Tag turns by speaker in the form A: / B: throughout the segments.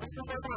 A: Thank you.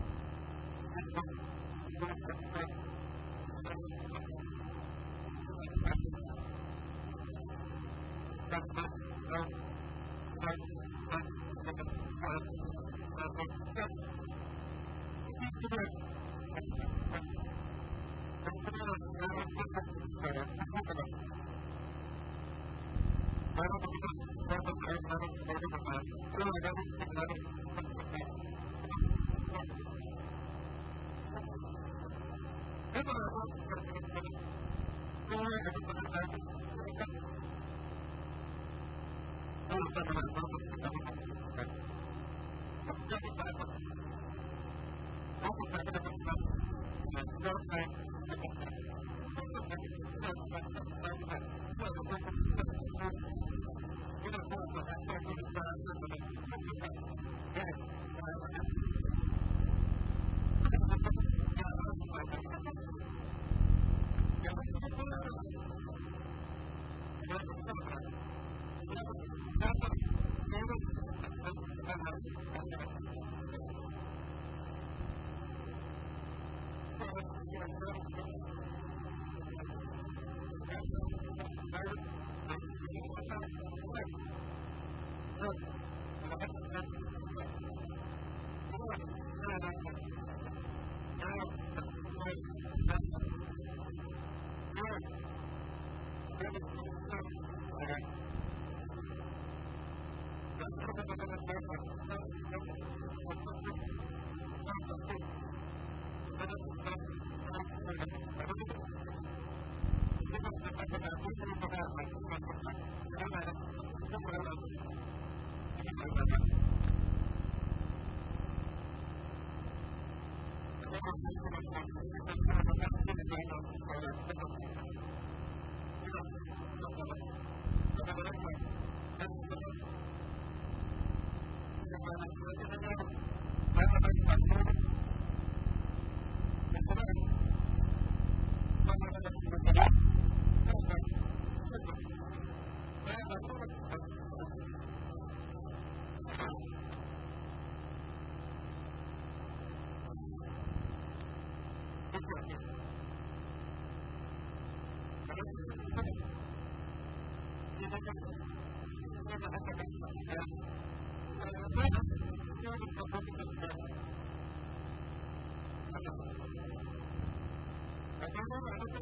A: different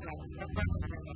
A: 何だ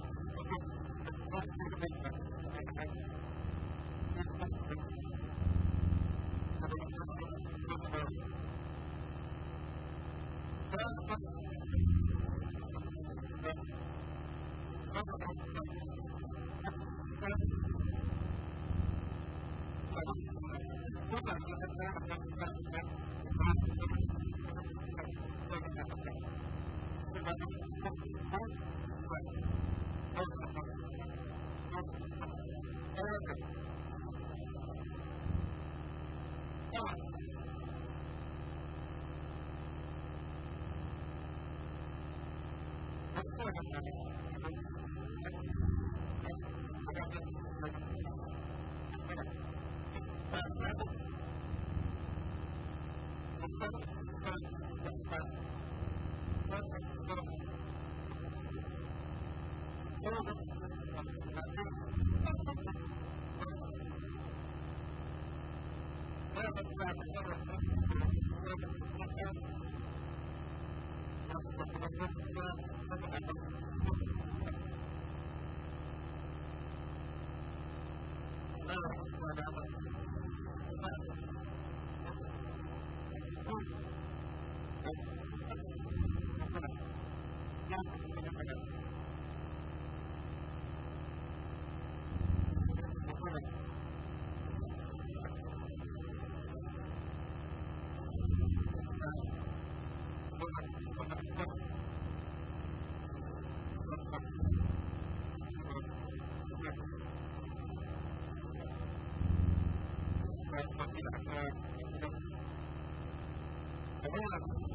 A: ま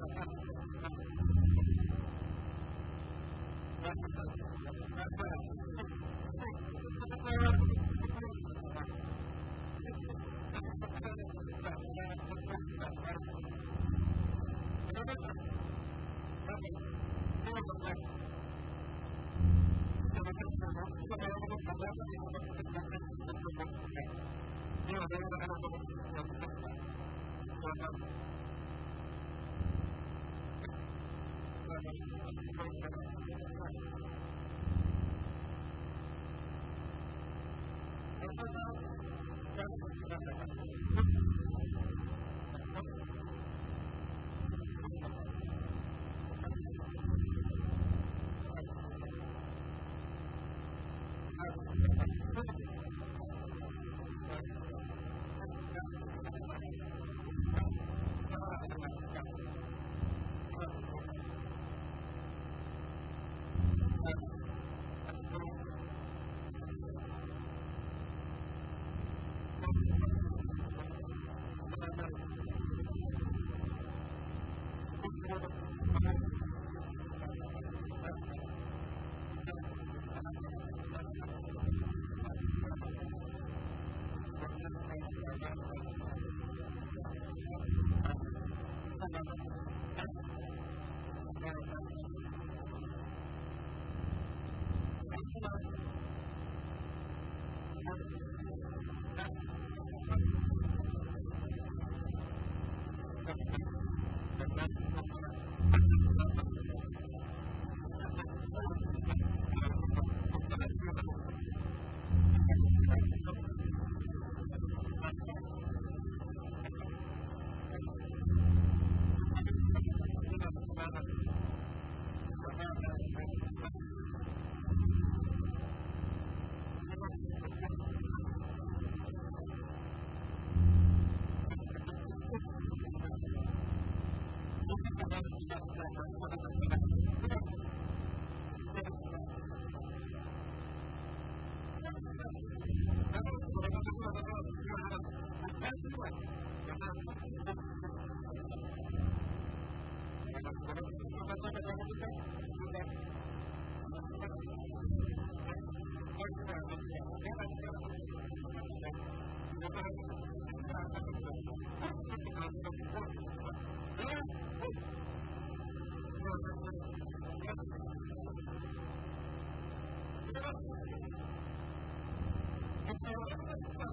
A: Thank you. Thank you.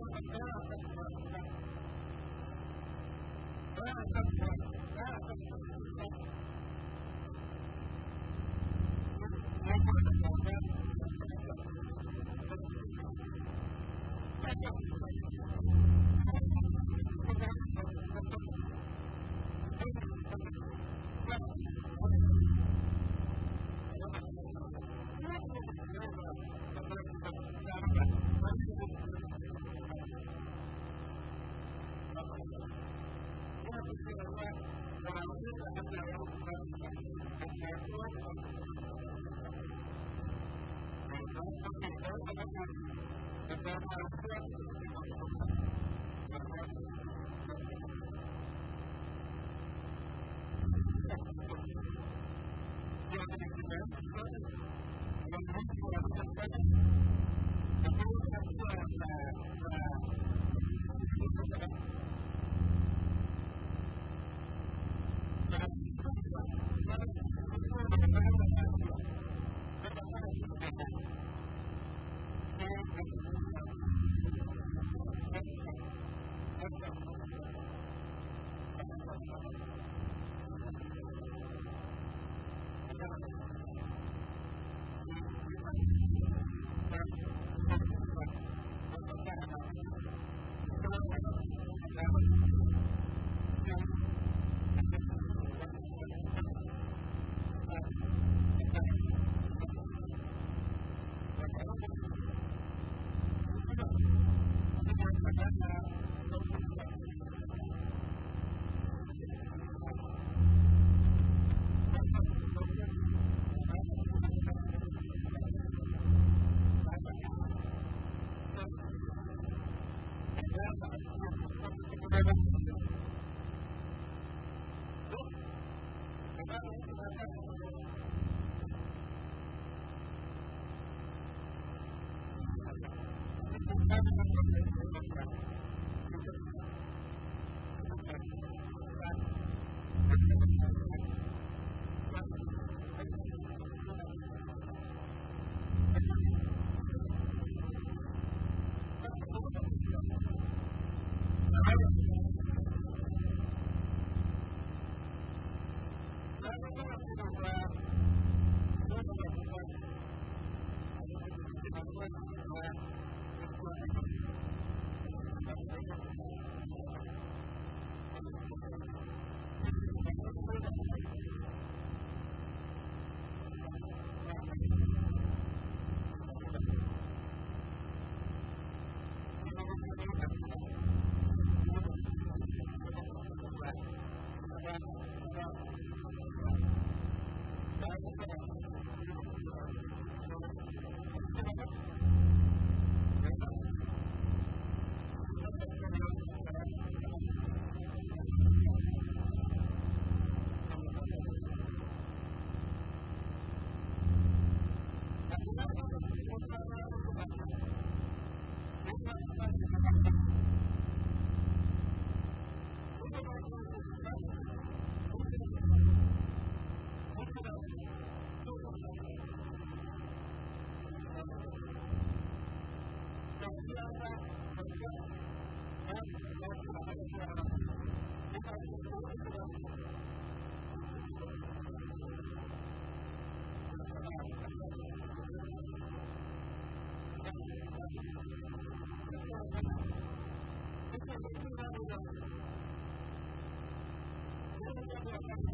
A: you. Thank you.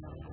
A: Thank you.